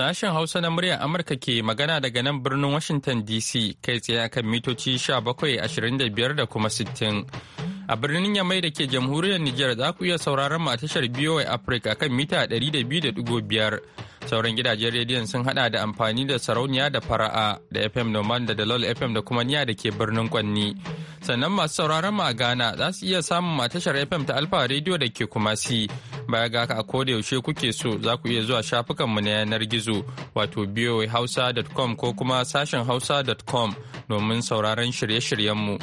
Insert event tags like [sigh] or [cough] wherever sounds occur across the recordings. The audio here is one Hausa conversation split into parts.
Sashen Hausa na muryar Amurka ke magana daga nan birnin Washington DC kai tsaye kan mitoci 1725 da kuma 60. A birnin Yamai da ke jamhuriyar Nijar za ku iya sauraron mu a tashar BOA Africa kan mita 200.5. sauran gidajen rediyon sun hada da amfani da sarauniya da fara'a da fm noman da dalol fm da kuma niya da ke birnin kwanni sannan masu sauraron mu a ghana za su iya samun tashar fm ta alfa rediyo da ke kumasi baya ga haka a koda yaushe kuke so za ku iya zuwa shafukan mu na yanar gizo wato hausa.com ko kuma sashen hausa.com domin sauraron shirye shiryen mu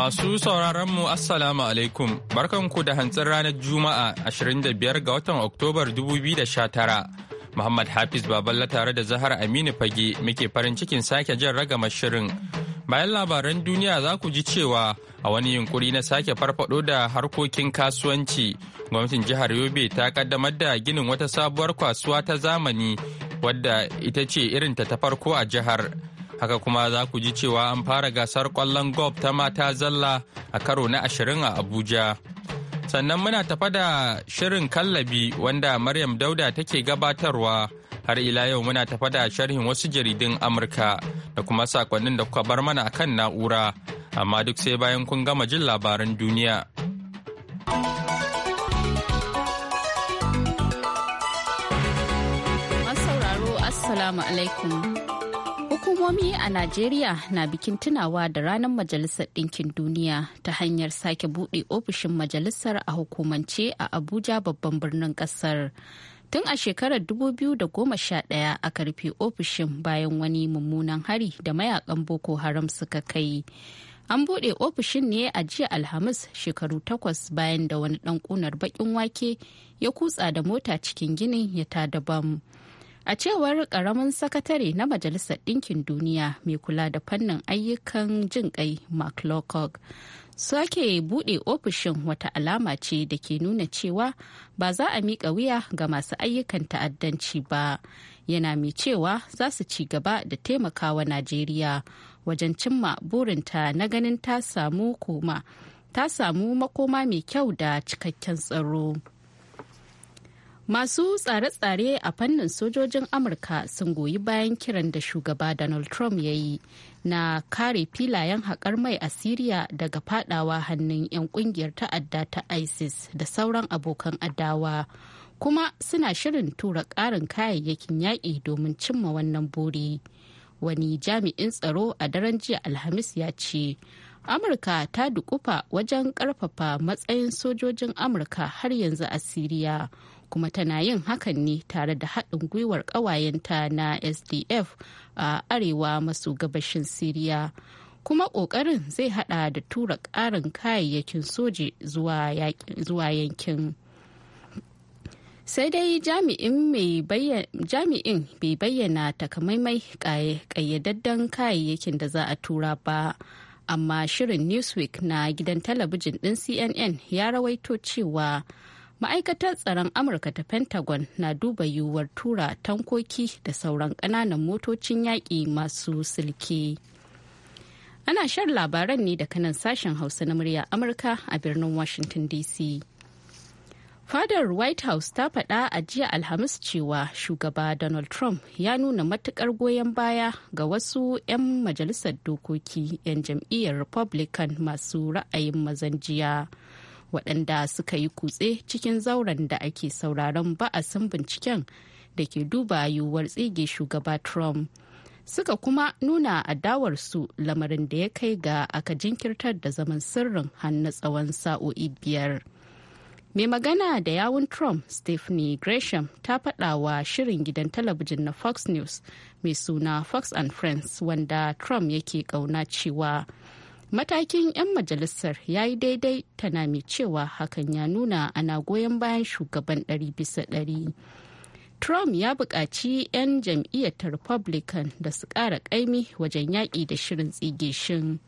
Masu sauraronmu Assalamu alaikum, barkanku da hantsin ranar Juma'a 25 ga watan Oktobar 2019. Muhammad Hafiz Baballa tare da Zahar Aminu Fage muke farin cikin sake jan ragama shirin. Bayan labaran duniya za ku ji cewa a wani yunkuri na sake farfado da harkokin kasuwanci, gwamnatin jihar Yobe ta kaddamar da ginin wata sabuwar kwasuwa ta zamani wadda ita ce irinta ta farko a jihar. haka kuma za ku ji cewa an fara gasar kwallon golf ta mata zalla a karo na ashirin a abuja sannan muna tafa da shirin kallabi wanda maryam dauda take gabatarwa har ila yau muna tafa da sharhin wasu jaridun amurka da kuma sakonnin da kuka bar mana akan na'ura amma duk sai bayan kun gama jin labaran duniya Assalamu alaikum. Hukumomi a Najeriya na bikin tunawa da ranar Majalisar Ɗinkin Duniya ta hanyar sake buɗe ofishin majalisar a hukumance a Abuja babban birnin ƙasar. Tun a shekarar 2011 aka rufe ofishin bayan wani mummunan hari da mayakan Boko Haram suka kai. An buɗe ofishin ne a jiya Alhamis shekaru takwas bayan da wani ɗan ƙunar baƙin wake ya kutsa da mota cikin ginin ya tada bam. A cewar karamin sakatare na Majalisar Ɗinkin Duniya mai kula da fannin ayyukan jin kai Mark Lowcock, sake buɗe ofishin wata alama ce da ke nuna cewa ba za a miƙa wuya ga masu ayyukan ta'addanci ba. Yana mai cewa za su ci gaba da taimakawa Najeriya wajen cimma burinta na ganin ta samu koma, ta samu makoma mai kyau da cikakken tsaro. Masu tsare-tsare a fannin sojojin Amurka sun goyi bayan kiran da shugaba Donald Trump ya yi na kare filayen haƙar mai a Siriya daga fadawa hannun 'yan ƙungiyar ta'adda ta ISIS da sauran abokan adawa. Kuma suna shirin tura ƙarin kayayyakin yaƙi domin cimma wannan buri. Wani jami'in tsaro a daren jiya Alhamis ya ce, Amurka ta dukufa wajen ƙarfafa matsayin sojojin Amurka har yanzu a Siriya. kuma tana yin hakan ne tare da haɗin gwiwar ƙawayenta na sdf a arewa maso gabashin siriya kuma ƙoƙarin zai haɗa da tura ƙarin kayayyakin soji zuwa yankin sai dai jami'in bai bayyana takamaimai ƙayyadaddan kayayyakin da za a tura ba amma shirin newsweek na gidan talabijin ɗin cnn ya rawaito cewa ma'aikatar tsaron amurka ta pentagon na duba yiwuwar tura tankoki da sauran ƙananan motocin yaƙi masu silke ana shan labaran ne daga nan sashen hausa na murya amurka a birnin washington dc fadar white house ta faɗa a jiya alhamis cewa shugaba donald trump ya nuna matukar goyon baya ga wasu 'yan majalisar dokoki 'yan jam'iyyar republican masu ra'ayin mazan jiya. waɗanda suka yi kutse cikin zauren da ake sauraron ba'asin binciken da ke duba yiwuwar tsige shugaba trump suka kuma nuna adawarsu lamarin da ya kai ga aka jinkirtar da zaman sirrin hannu tsawon sa'o'i biyar mai magana da yawun trump stephanie gresham ta faɗa wa shirin gidan talabijin na fox news mai suna fox and friends wanda trump yake ƙauna cewa matakin 'yan majalisar ya yi daidai tana mai cewa hakan ya nuna ana goyon bayan shugaban ɗari bisa ɗari trump ya buƙaci 'yan jam'iyyar republican da su ƙara ƙaimi wajen yaƙi da shirin tsige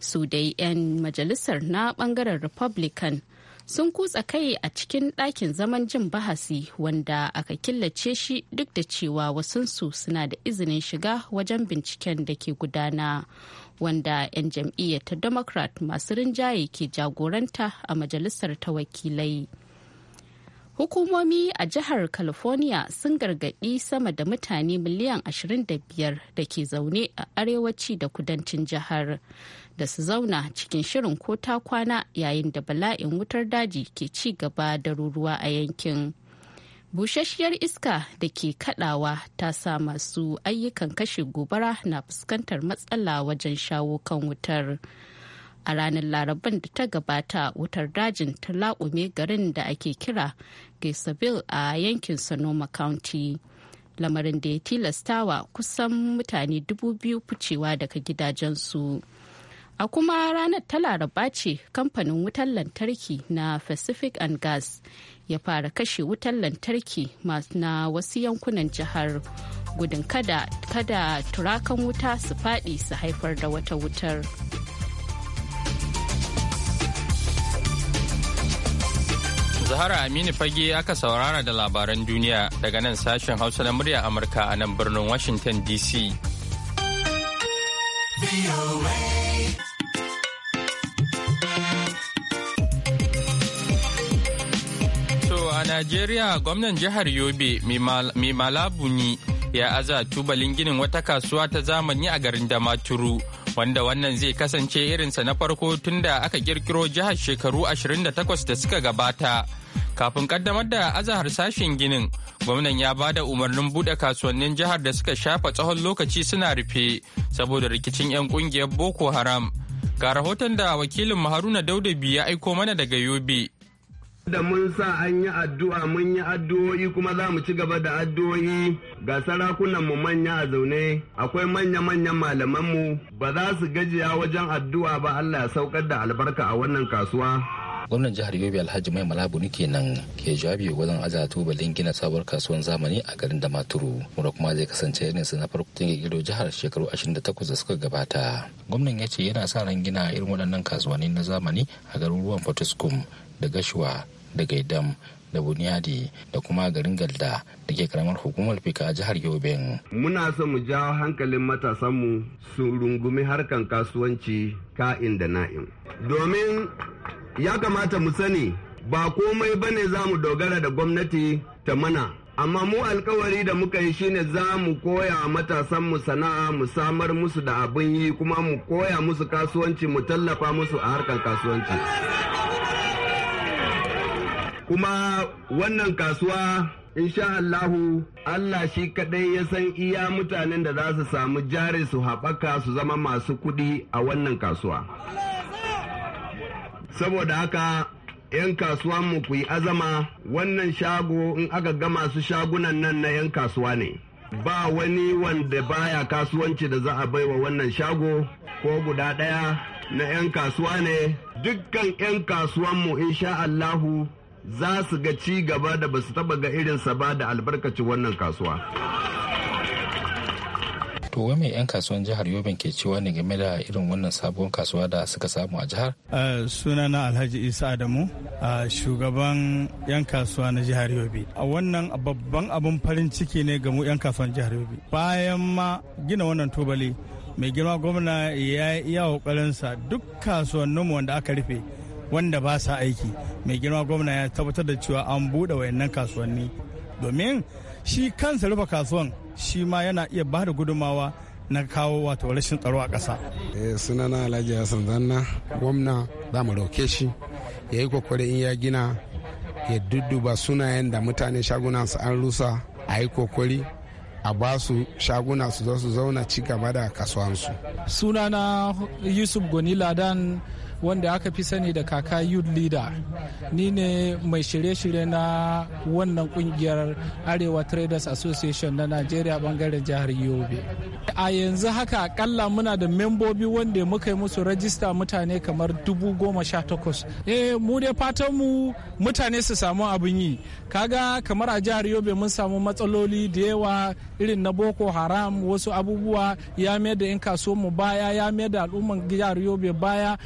su dai 'yan majalisar na ɓangaren republican sun kutsa kai a cikin ɗakin zaman jin bahasi wanda aka killace shi duk da cewa wasunsu suna da izinin shiga wajen binciken da ke gudana wanda 'yan jam'iyyar ta democrat masu rinjaye ke jagoranta a majalisar ta wakilai hukumomi a jihar california sun gargadi sama da mutane miliyan 25 da ke zaune a arewaci da kudancin jihar da su zauna cikin shirin ko ta kwana yayin da bala'in wutar daji ke ci gaba da ruruwa a yankin. busasshiyar iska da ke kadawa ta sa masu ayyukan kashe gobara na fuskantar matsala wajen shawo kan wutar a ranar laraban da ta gabata wutar dajin ta laƙume garin da ake kira gaisaville a yankin sonoma county lamarin da ya tilastawa kusan mutane dubu biyu ficewa daga gidajensu a kuma ranar ta laraba ce kamfanin wutar lantarki na pacific and gas ya fara kashe wutan lantarki na wasu yankunan jihar gudun kada kada turakan wuta su faɗi su haifar da wata wutar. Zahara Aminu Fage aka saurara da labaran duniya daga nan sashen Hausa na murya Amurka a nan birnin Washington DC. a Najeriya gwamnan jihar Yobe mai malabuni ya aza tubalin ginin wata kasuwa ta zamani a garin Damaturu wanda wannan zai kasance irinsa na farko tun da aka kirkiro jihar shekaru 28 da suka gabata. Kafin kaddamar da azahar sashen ginin, gwamnan ya ba da umarnin buɗe kasuwannin jihar da suka shafa tsawon lokaci suna rufe saboda rikicin 'yan ƙungiyar Boko Haram. Ga rahoton da wakilin Haruna Daudabi ya aiko mana daga Yobe. da mun sa an yi addu'a mun yi addu'o'i kuma za mu ci gaba da addu'o'i ga sarakunan mu manya a zaune akwai manya manyan malaman mu ba za su gajiya wajen addu'a ba Allah ya saukar da albarka a wannan kasuwa gwamnan jihar yobe alhaji mai malabuni kenan ke jawabi wajen aza tubalin gina sabuwar kasuwan zamani a garin da maturu wanda kuma zai kasance yanayin su na farko tun kirkiro jihar shekaru 28 da suka gabata gwamnan ya ce yana sa ran gina irin waɗannan kasuwanni na zamani a garuruwan fatuskum da gashuwa daga idam da bunyadi da kuma garin galda da ke karamar hukumar fika a jihar yobe muna so mu jawo hankalin matasanmu su rungumi harkan kasuwanci ka'in da na'in domin ya kamata mu sani ba komai ba ne za mu dogara da gwamnati ta mana amma mu alkawari da muka yi shine za mu koya matasanmu sana'a mu samar musu da abin yi kuma mu koya musu kasuwanci mu tallafa musu a harkar kasuwanci kuma wannan kasuwa insha Allahu Allah shi kaɗai ya san iya mutanen da za su samu jari su haɓaka su zama masu kuɗi a wannan kasuwa. Saboda haka ‘yan kasuwanmu ku yi azama wannan shago in aka ga masu shagunan nan na ‘yan kasuwa ne. Ba wani wanda baya kasuwanci da za a baiwa wannan shago ko guda ɗaya na ‘yan kasuwa ne. Dukkan ‘yan kasuwan kasuwanmu insha Allahu za su ga ci gaba da basu taba ga irinsa ba da albarkacin wannan kasuwa. to wai mai 'yan kasuwan jihar yobe ke cewa ne game da irin wannan sabuwar kasuwa da suka samu a jihar eh, sunana alhaji isa adamu shugaban 'yan kasuwa na jihar yobe a wannan babban abin farin ciki ne ga mu 'yan kasuwan jihar yobe bayan ma gina wannan tubali mai girma gwamna ya iya kokarinsa duk kasuwanninmu wanda aka rufe wanda ba sa aiki mai girma gwamna ya tabbatar da cewa an buɗe wayannan kasuwanni domin shi kansa rufe kasuwan shi ma yana iya ba da gudummawa na kawo wato rashin tsaro a ƙasa. Eh, sunana alhaji hassan zanna gwamna za mu roke shi ya yi kokore in ya gina ya dudduba sunayen da mutane shagunansu an rusa a yi kokari a ba su shaguna su zo su zauna ci gaba da kasuwansu. sunana yusuf goni ladan wanda aka fi sani da kaka youth leader ni ne mai shirye-shirye na wannan kungiyar arewa traders association na nigeria bangaren jihar yobe a yanzu haka akalla muna da membobi wanda muka yi musu rajista mutane kamar dubu goma sha takwas eh mu dai fatan mu mutane su samu abin yi kaga kamar a jihar yobe mun samu matsaloli da yawa irin na boko haram wasu abubuwa ya mai da in kaso mu baya ya mai da al'umman jihar yobe baya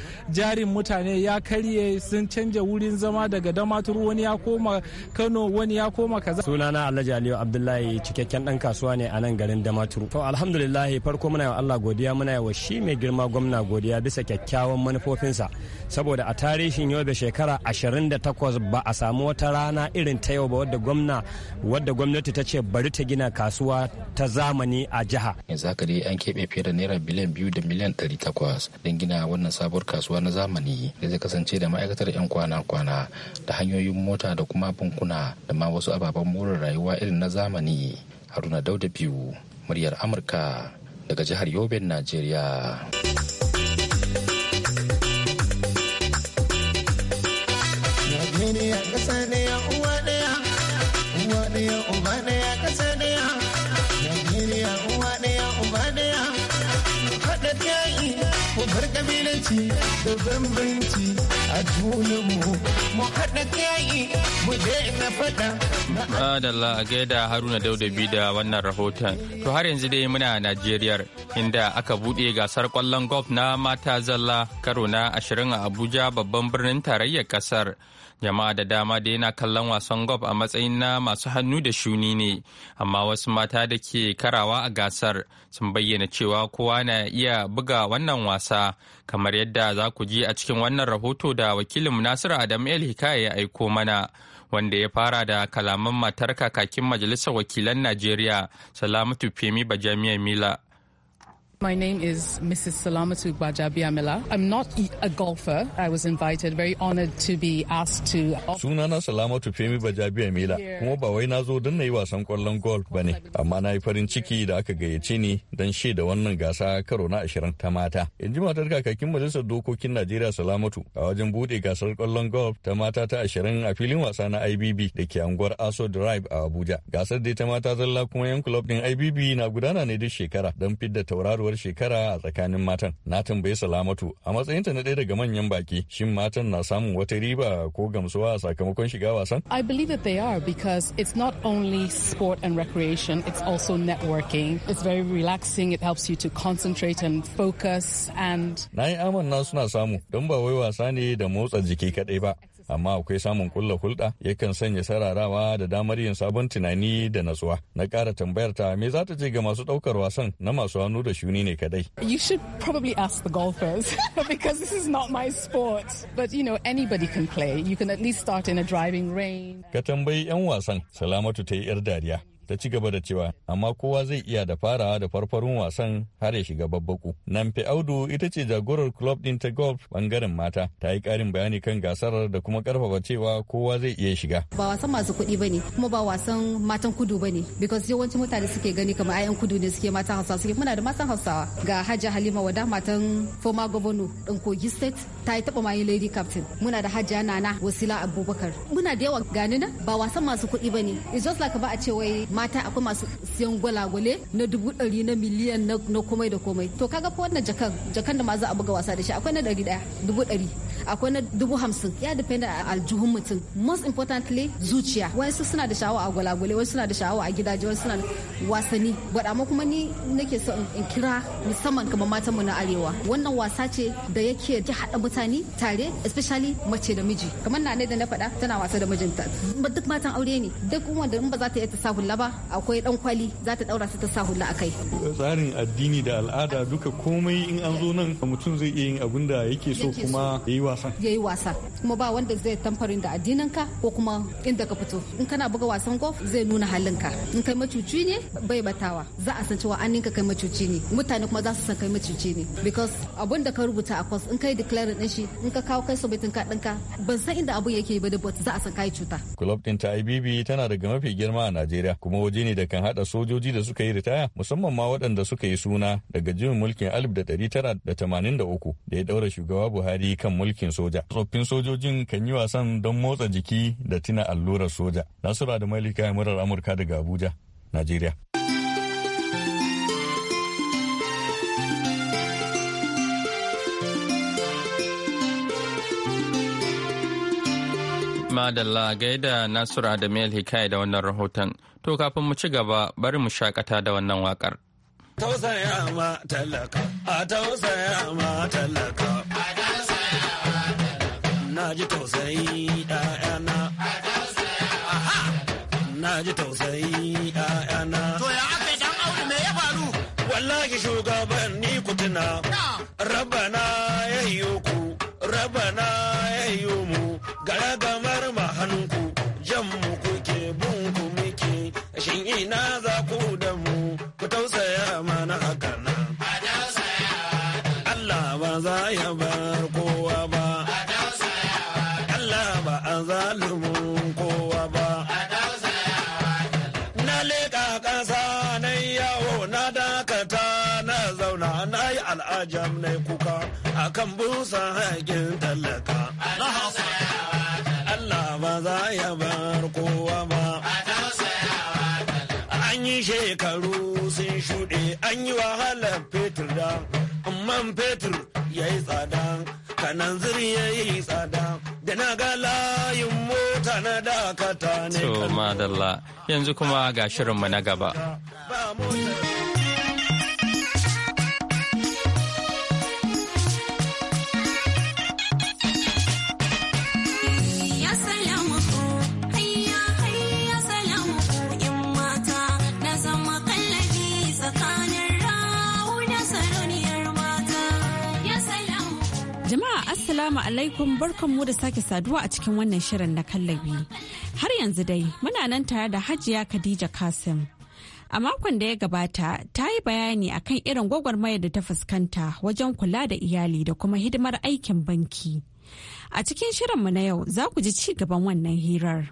jarin mutane ya karye sun canja wurin zama daga damaturu wani ya koma kano wani ya koma kaza sunana alhaji aliyu abdullahi cikakken dan kasuwa ne a nan garin damaturu to alhamdulillah farko muna wa allah godiya muna wa shi mai girma gwamna godiya bisa kyakkyawan manufofinsa saboda a tarihin yau da shekara 28 ba a samu wata rana irin ta yau ba wadda gwamna wadda gwamnati ta ce bari ta gina kasuwa ta zamani a jiha yanzu haka dai an keɓe fiye da naira biliyan biyu da miliyan ɗari takwas don gina wannan sabuwar kasuwa na zamani da zai kasance da ma'aikatar 'yan kwana-kwana da hanyoyin mota da kuma bankuna da ma wasu ababen more rayuwa irin na zamani haruna dauda biyu muryar amurka daga jihar yobe najeriya da bambanci a junanmu mu haɗa kayi mu faɗa. Madalla a gaida Haruna Daudabi da wannan rahoton. To har yanzu dai muna a Najeriya inda aka buɗe gasar ƙwallon golf na mata zalla karo na ashirin a Abuja babban birnin tarayyar ƙasar. jama'a da dama da yana kallon wasan golf a matsayin na masu hannu da shuni ne amma wasu mata da ke karawa a gasar sun bayyana cewa kowa na iya buga wannan wasa kamar yadda za ku ji a cikin wannan rahoto da wakilin nasiru adam el hikaya ya aiko mana wanda ya fara da kalaman matar kakakin majalisar wakilan najeriya salamatu femi bajamiya mila My name is Mrs. Salamatu bajabiamila I'm not e, a golfer. I was invited, very honored to be asked to. Sunana Salamatu Femi Bajabiamila kuma ba wai na zo don na yi wasan kwallon golf ba ne, amma na yi farin ciki da aka gayyace ni don shaida wannan gasa karo na ashirin ta mata. In ji matar kakakin majalisar dokokin Najeriya Salamatu a wajen bude gasar kwallon golf ta mata ta ashirin a filin wasa na IBB da ke anguwar Aso Drive a Abuja. Gasar dai ta mata zalla kuma yan kulob din IBB na gudana ne duk shekara don fidda tauraruwar sabuwar shekara a tsakanin matan. Na tambayi Salamatu a matsayinta na ɗaya daga manyan baki shin matan na samun wata riba ko gamsuwa a sakamakon shiga wasan? I believe that they are because it's not only sport and recreation, it's also networking. It's very relaxing, it helps you to concentrate and focus and Na yi amanna suna samu don ba wai wasa ne da motsa jiki kaɗai ba. amma akwai samun kulla hulɗa yakan sanya sararawa da damar yin sabon tunani da natsuwa na ƙara tambayar ta me za ta ce ga masu ɗaukar wasan na masu hannu da shuni ne kadai you should probably ask the golfers [laughs] because this is not my sport but you know anybody can play you can at least start in a driving range ka tambayi yan wasan salamatu ta yi yar dariya ta ci gaba da cewa amma kowa zai iya da farawa da farfarun wasan har ya shiga babbaku. Namfe Audu ita ce jagorar club din ta golf bangaren mata ta yi karin bayani kan gasar da kuma karfafa cewa kowa zai iya shiga. Ba wasan masu kuɗi bane kuma ba wasan matan kudu bane because yawancin mutane suke gani kamar ayan kudu ne suke matan Hausawa suke muna da matan Hausawa ga hajja Halima Wada matan former governor din Kogi State ta yi taba mayi lady captain muna da hajja Nana Wasila Abubakar muna da yawa ganina ba wasan masu kuɗi bane it's just like ba a ce wai mata akwai masu siyan gwalagwale na dubu ɗari na miliyan na komai da komai to kaga ko wannan jakan jakan da ma za a buga wasa da shi akwai na ɗari ɗaya dubu ɗari akwai na dubu hamsin ya dependa a aljihun mutum most importantly zuciya wasu suna da sha'awa a gwalagwale wasu suna da sha'awa a gidaje wasu suna wasanni but amma kuma ni nake so in kira musamman kamar matanmu na arewa wannan wasa ce da yake ki haɗa mutane tare especially mace da miji kamar na ne da na faɗa tana wasa da mijinta duk matan aure ne duk wanda in ba za ta iya ta sa hula ba akwai dan kwali za ta daura su ta sa hula akai tsarin addini da al'ada duka komai in an zo nan mutum zai iya yin abin da yake so kuma yayi wa wasan yayi wasa kuma ba wanda zai tamfarin da addinin ko kuma inda ka fito in kana buga wasan golf zai nuna halinka in kai macuci ne bai batawa za a san cewa an ka kai macuci ne mutane kuma za su san kai macuci ne because abun da ka rubuta a course in kai declaring din shi in ka kawo kai sabitin ka dinka ban san inda abun yake ba da bot za a san kai cuta club din ta IBB tana daga mafi girma a Najeriya kuma waje ne da kan hada sojoji da suka yi ritaya musamman ma waɗanda suka yi suna daga jimin mulkin 1983 da ya daura shugaba Buhari kan mulkin aikin soja. Tsoffin sojojin kan yi wasan don motsa jiki da tuna allurar soja. Nasura da Malika murar Amurka daga Abuja, Najeriya. Madalla gaida da Adamiyar Hikaya da wannan rahoton. To kafin mu ci gaba bari mu shakata da wannan wakar. Tausaya ma talaka, a tausaya ma talaka. na ji tausayi ɗayana na ji tausayi ɗayana to ya aka yi dan aure me ya faru wallahi shugaban ni kutuna rabana jam kuka kuka kan busa haƙin tallaka Allah ba za ya bar kowa ba an yi shekaru sun shuɗe an yi wahalar fetur da amman fetur ya yi tsada kanan zuri ya yi tsada da na ga layin mota na dakata ne kan yanzu kuma ga shirinmu na gaba. Assalamu alaikum barkanmu da sake saduwa a cikin wannan shirin na kallabi. Har yanzu dai muna nan tare da Hajiya Khadija Kasim. A makon da ya gabata ta yi bayani a kan irin gwagwarmaya da ta fuskanta wajen kula da iyali da kuma hidimar aikin banki. A cikin shirinmu na yau za ku ji ci gaban wannan hirar.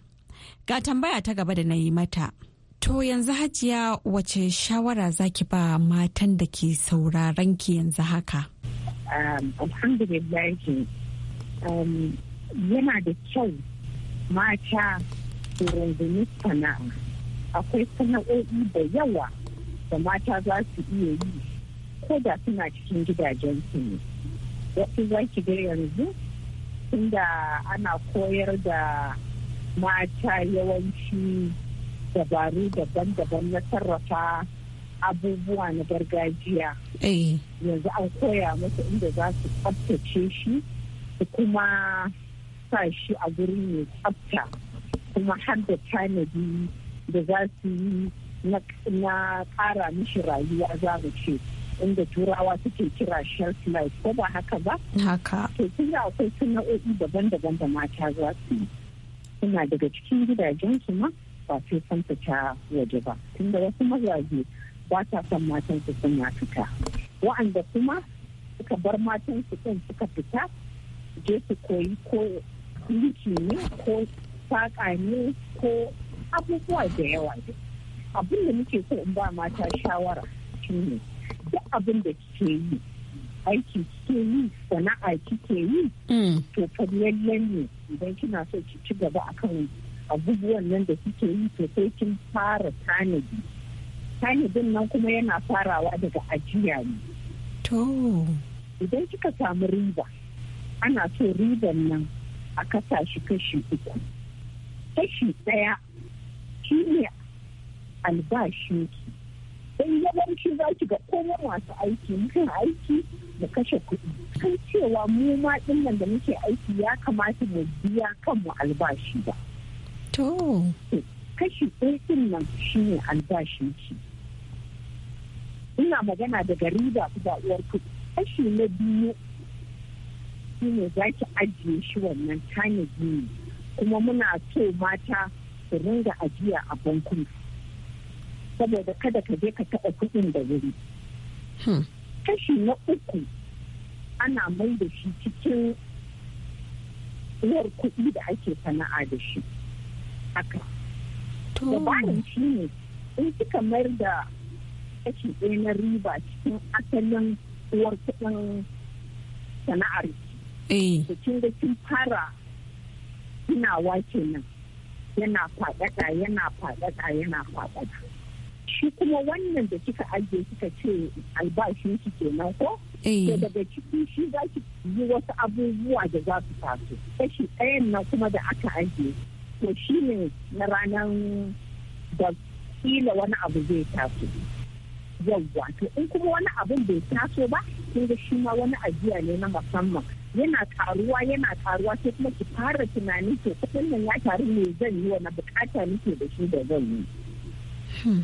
Ga tambaya ta gaba da na yi mata. To yanzu hajiya wace shawara zaki ba matan da ke sauraron ki yanzu haka? Um, alhamdulillah Um, yana da kyau mata su rungumi sana'a akwai sana'o'i da yawa da mata za su iya yi ko da suna cikin gidajensu ne wasu za ki ga yanzu tunda ana koyar da mata yawanci dabaru daban-daban na sarrafa abubuwa na gargajiya eh. yanzu an koya musu inda za su tsabtace shi su kuma sa shi a guri mai tsafta kuma har da tanadi da za su yi na kara mishi rayuwa za mu ce inda turawa suke kira shelf life ko ba haka ba? Haka. To sun akwai sana'o'i daban-daban da mata za su yi. Suna daga cikin gidajen su ma ba sai san fita waje ba. Tunda wasu mazaje ba ta son matan su suna fita. Wa'anda kuma suka bar matan su suka fita je su koyi ko liki ne ko saƙa ne ko abubuwa da yawa abin da muke so in ba mata shawara ne duk abin da kike yi aiki kike yi sana'a kike yi mm. to fa ne idan kina so ki ci gaba akan abubuwan nan da kike yi to sai kin fara tanadi tanadin nan kuma yana farawa daga ajiya ne to idan kika samu riba ana so ribar nan a kasa shi kashi uku kashi ɗaya shi ne albashin ki don yawanci za ki ga komai masu aiki mutum aiki da kashe kuɗi kan cewa mu ma nan da muke aiki ya kamata mu biya kanmu albashi ba to kashi ɗaya ɗin nan shi ne albashin ki ina magana daga riba ku da uwar kuɗi kashi na biyu ne za ki ajiye shi wannan tanadi ne kuma muna so mata su ringa ajiya a bankuna saboda kada ka je ka taɓa kuɗin da wuri hmm. kashi na uku ana mai da shi cikin uwar kuɗi da ake sana'a da shi haka bayan shi ne in kika mayar da kashi ɗaya na riba cikin asalin uwar kuɗin sana'ar da eh. da kin fara wake nan yana faɗaɗa yana faɗaɗa yana faɗaɗa shi kuma wannan da kika ajiye kika ce albashin ki kenan ko eh. to daga ciki shi za ki yi wasu abubuwa da za su taso kashi ɗayan na kuma da aka ajiye to shi ne na ranar da kila wani abu zai taso yau wato in kuma wani abun bai taso ba kinga ga shi ma wani ajiya ne na musamman yana karuwa yana karuwa sai kuma ki fara tunanin to kuɗin nan ya taru ne zan yi wani bukata nake da shi da zan yi. Hmm.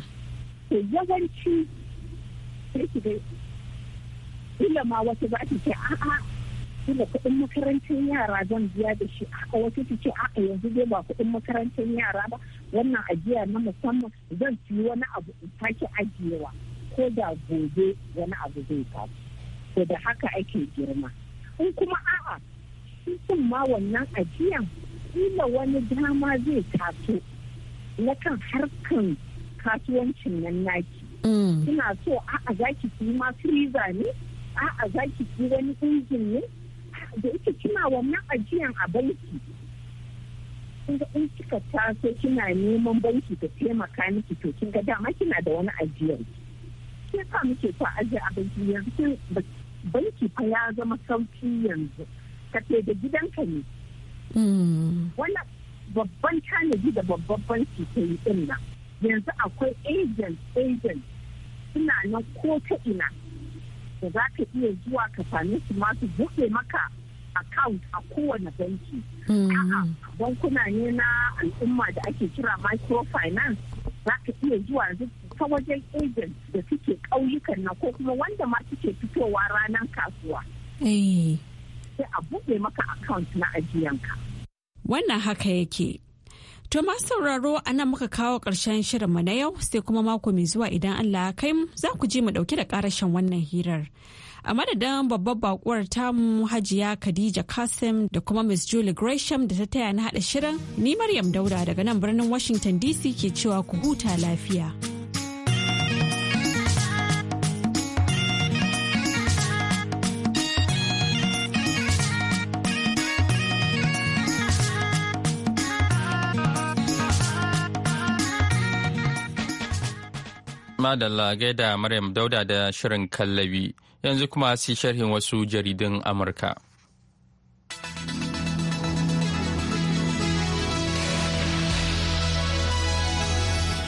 To yawanci sai ki ga ila ma wasu za ki ce a'a tunda kuɗin makarantar yara zan biya da shi a wasu su ce a'a yanzu dai ba kuɗin makarantar yara ba wannan ajiya na musamman zan fi wani abu in sake ajiyewa ko da gobe wani abu zai tafi da haka ake girma in kuma a'a in ma wannan ajiyan kila wani dama zai taso na kan harkan kasuwancin nan naki kina mm. so a'a zaki ki ma firiza ne a'a zaki ki wani injin ne da ita kina wannan ajiyan a banki kin in kika taso kina neman banki da taimaka miki to kin ga dama kina da wani ajiyan kin sa muke fa ajiye a banki yanzu kin banki fa ya zama sauki yanzu ka da gidanka ne hmm. wannan babban tanadi da babban banki ta yi din yanzu akwai agent agent suna nan ko ta ina da za ka iya zuwa ka same su masu buɗe maka account a kowane banki hmm. bankuna ne na al'umma da ake kira microfinance za ka iya zuwa yanzu ta wajen agent da suke ƙauyukan na ko kuma wanda ma suke fitowa ranar kasuwa. Eh. Sai a buɗe maka account na ajiyanka. Wannan haka yake. To masu sauraro a nan muka kawo ƙarshen mu na yau sai kuma mako mai zuwa idan Allah ya kai mu za ku je mu ɗauke da ƙarashen wannan hirar. a madadin babbar bakuwar tamu hajiya khadija kasim da kuma miss julie gresham da ta taya na haɗa shirin ni maryam dauda daga nan birnin washington dc ke cewa ku huta lafiya. Madalla gaida Maryam Dauda da Shirin Kallabi yanzu kuma si sharhin wasu jaridun Amurka.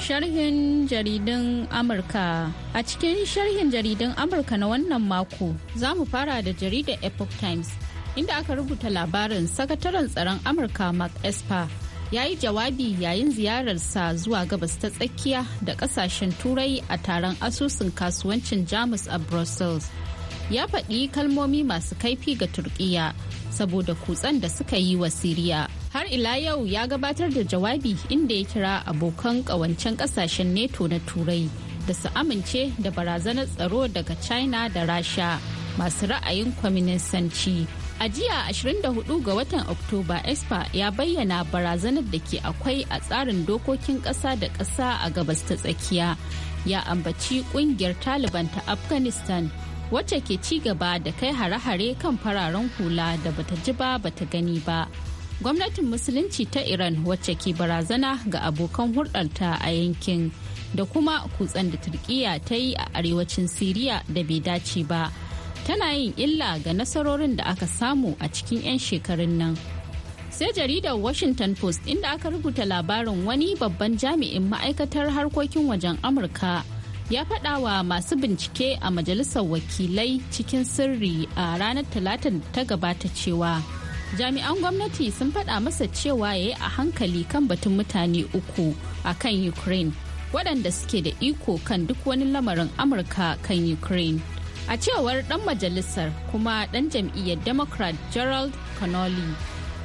Sharhin jaridun Amurka A cikin sharhin jaridun Amurka na wannan mako za mu fara da jaridar Epoch Times inda aka rubuta labarin sakataren tsaron Amurka Mark Esper ya yi jawabi yayin ziyararsa zuwa gabas ta tsakiya da kasashen turai a taron asusun kasuwancin jamus a brussels ya faɗi kalmomi masu kaifi ga turkiya saboda kutsen da suka yi wa siriya har ila yau ya gabatar da jawabi inda ya kira abokan ƙawancen ƙasashen neto na turai da su amince da barazanar tsaro daga china da rasha masu ra'ayin kwaminisanci A jiya 24 ga watan Oktoba, Espa ya bayyana barazanar da ke akwai a tsarin dokokin ƙasa da ƙasa a gabas ta tsakiya. Ya ambaci ƙungiyar Taliban ta Afghanistan wacce ke ci gaba da kai hare-hare kan fararen hula da bata ji ba bata gani ba. Gwamnatin Musulunci ta Iran wacce ke barazana ga abokan hulɗarta a yankin da kuma kutsen da Turkiyya ta yi a arewacin Siriya da bai dace ba. tana yin illa ga nasarorin da aka samu a cikin 'yan shekarun nan. sai jaridar washington post inda aka rubuta labarin wani babban jami'in ma'aikatar harkokin wajen amurka ya faɗa wa masu bincike a majalisar wakilai cikin sirri a ranar talatin ta gabata cewa jami'an gwamnati sun faɗa masa cewa ya yi a hankali kan batun mutane uku a kan ukraine waɗanda suke da iko kan duk wani lamarin amurka kan ukraine A cewar ɗan majalisar kuma ɗan jam'iyyar Democrat Gerald Connolly.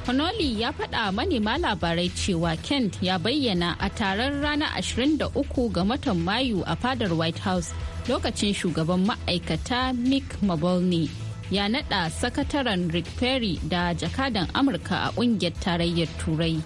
Connolly ya faɗa manema labarai cewa Kent ya bayyana a taron ranar 23 ga watan Mayu a fadar White House lokacin shugaban ma'aikata Mick Mulvaney ya naɗa sakataren Rick Perry da jakadan Amurka a ƙungiyar tarayyar Turai.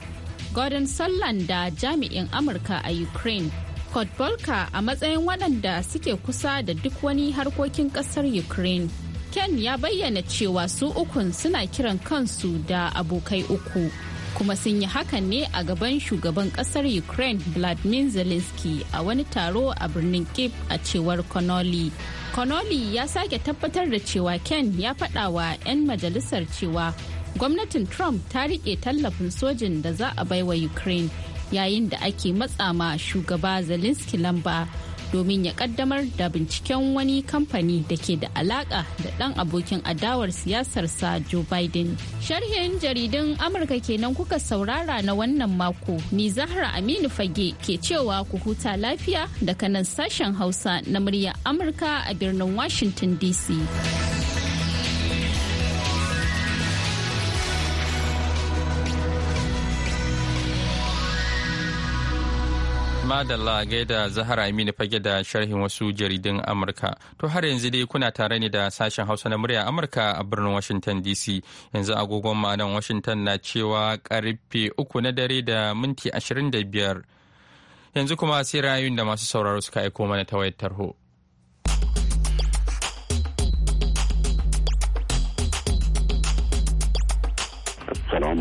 Gordon Sullivan da jami'in Amurka a Ukraine Kurt a matsayin waɗanda suke kusa da duk wani harkokin ƙasar Ukraine. Ken ya bayyana cewa su ukun suna kiran kansu da abokai uku. Kuma sun yi hakan ne a gaban shugaban ƙasar Ukraine Vladimir Zelensky a wani taro a birnin Kyiv a cewar Connolly. Connolly ya sake tabbatar da cewa Ken ya faɗa wa 'yan majalisar cewa gwamnatin Trump ta riƙe tallafin sojin da za a baiwa Ukraine. yayin da ake matsa ma shugaba zelensky lamba domin ya kaddamar da binciken wani kamfani da ke da alaka da dan abokin adawar siyasarsa joe biden sharhin jaridun amurka kenan kuka saurara na wannan mako ni zahra aminu fage ke cewa ku huta lafiya daga nan sashen hausa na murya amurka a birnin washington dc Madalla gaida Zahara Aminu fage da sharhin wasu jaridun Amurka. To har yanzu dai kuna tare ne da sashen Hausa na murya Amurka a birnin Washington DC. Yanzu agogon ma'anan Washington na cewa karfe uku na dare da minti 25. Yanzu kuma sai rayun da masu sauraro suka aiko mana ta wayar tarho.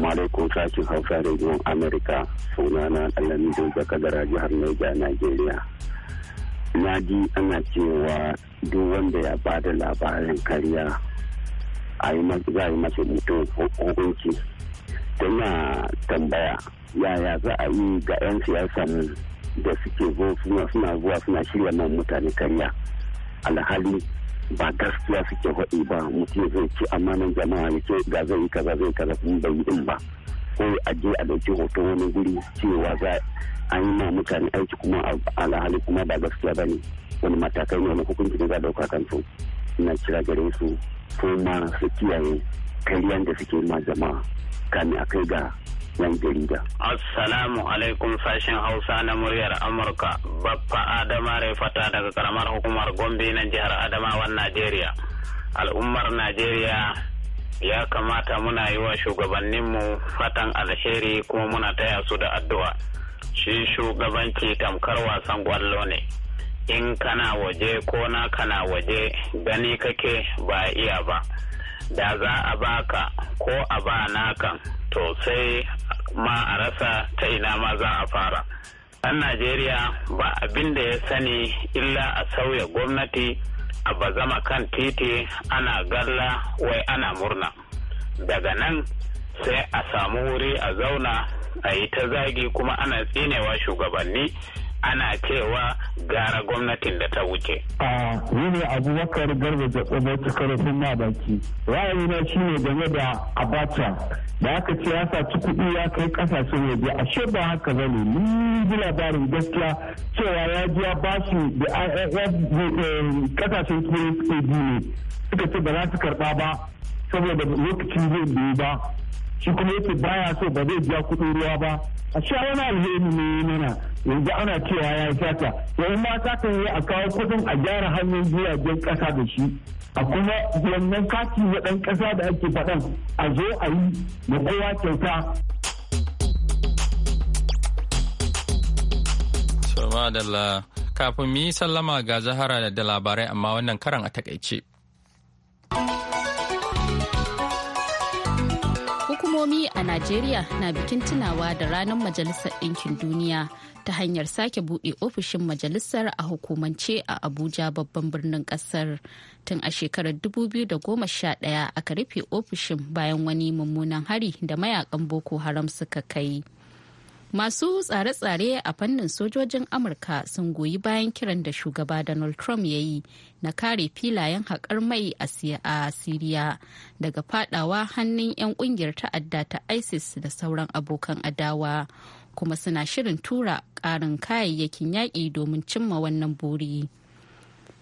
alaikum sashen Hausa da na Amerika sunana zaka gara jihar Neja, Najeriya. Na ji ana cewa duk wanda ya ba da labarin kariya a yi za a yi masa mutum hukunci. Tana tambaya yaya za a yi ga 'yan siyasa da suke zo suna zuwa suna shirya man mutane karya Alhali ba gaskiya suke faɗi ba mutum zai ci amanan jama'a ya ce ga zai yi kaza zai kaza kuma bai yi din ba ko a je a ɗauki hoto wani guri cewa za an yi ma mutane aiki kuma alhali kuma ba gaskiya ba ne wani matakai ne wani hukunci ne za a ɗauka kansu ina kira gare su kuma su kiyaye kariyan da suke ma jama'a kame a kai ga yan jarida. Assalamu alaikum sashen Hausa na muryar Amurka, Baffa Adama raifata daga karamar hukumar Gombe na jihar Adamawan Najeriya. Al'ummar Najeriya ya kamata muna yi wa shugabanninmu fatan alheri kuma muna taya su da addu'a. Shi shugabanci tamkar wasan gwallo ne. In kana waje ko na kana waje gani kake ba iya ba. da za a baka ko a ba nakan to sai ma a rasa ta ina ma za a fara ɗan najeriya ba abin da ya sani illa a sauya gwamnati a bazama kan titi ana galla wai ana murna daga nan sai a samu wuri a zauna a yi ta zagi kuma ana tsinewa shugabanni ana cewa gara gwamnatin da ta wuce. A ni ne Abubakar Garba da Jakobo karfin na baki. na shi ne game da Abacha da aka ce ya saci kuɗi ya kai ƙasashen waje ashe ba haka ba ne ni ji labarin gaskiya cewa ya ji ya ba su da eh, eh, eh, ƙasashen turai ne suka ce ba za su karɓa ba saboda lokacin zai biyu ba shi kuma yake baya so ba zai biya kuɗin ruwa ba a sha wani alheri ne mana yanzu ana cewa ya sata yanzu ma ta kan yi a kawo kudin a gyara hanyar jiragen ƙasa da shi a kuma wannan kati na ɗan ƙasa da ake faɗan a zo a yi da kowa kyauta. Madalla kafin mu yi sallama ga zahara da labarai amma wannan karan a takaice. Hukumomi a Najeriya na bikin tunawa da ranar Majalisar Ɗinkin Duniya ta hanyar sake buɗe ofishin majalisar a hukumance a Abuja babban birnin ƙasar. Tun a shekarar 2011 aka rufe ofishin bayan wani mummunan hari da mayakan Boko Haram suka kai. Masu tsare-tsare a fannin sojojin Amurka sun goyi bayan kiran da shugaba Donald Trump ya yi na kare filayen haƙar mai a Siriya daga fadawa hannun 'yan ƙungiyar ta'adda ta ISIS da sauran abokan adawa. Kuma suna shirin tura ƙarin kayayyakin yaƙi domin cimma wannan buri.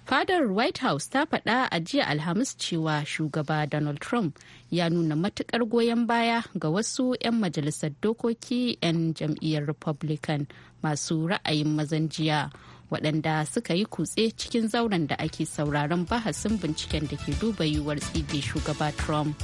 fadar white house ta faɗa a jiya alhamis cewa shugaba donald trump ya nuna matukar goyon baya ga wasu 'yan majalisar dokoki 'yan jam'iyyar republican masu ra'ayin mazan jiya waɗanda suka yi kutse cikin zauren da ake sauraron bahasin binciken da ke duba yiwuwar tsige shugaba trump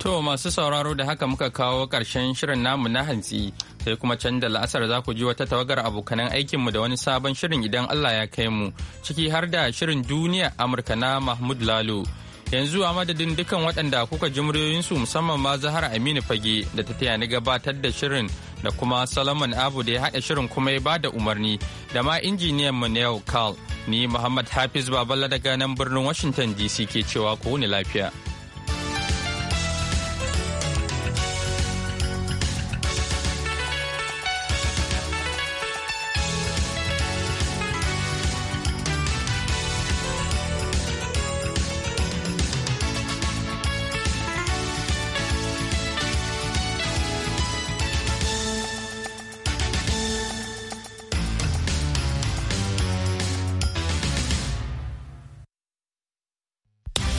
To masu sauraro da haka muka kawo ƙarshen shirin namu na hantsi sai kuma can la'asar za ku ji wata tawagar abokanan aikinmu da wani sabon shirin idan Allah ya kai mu ciki har da shirin duniya Amurka na Mahmud Lalo. Yanzu a madadin dukan waɗanda kuka ji muryoyinsu musamman ma Zahara Aminu Fage da ta taya ni gabatar da shirin da kuma Solomon Abu da ya haɗa shirin kuma ya bada umarni da ma injiniyan mu na yau Carl ni Muhammad Hafiz Baballa daga nan birnin Washington DC ke cewa ku wuni lafiya.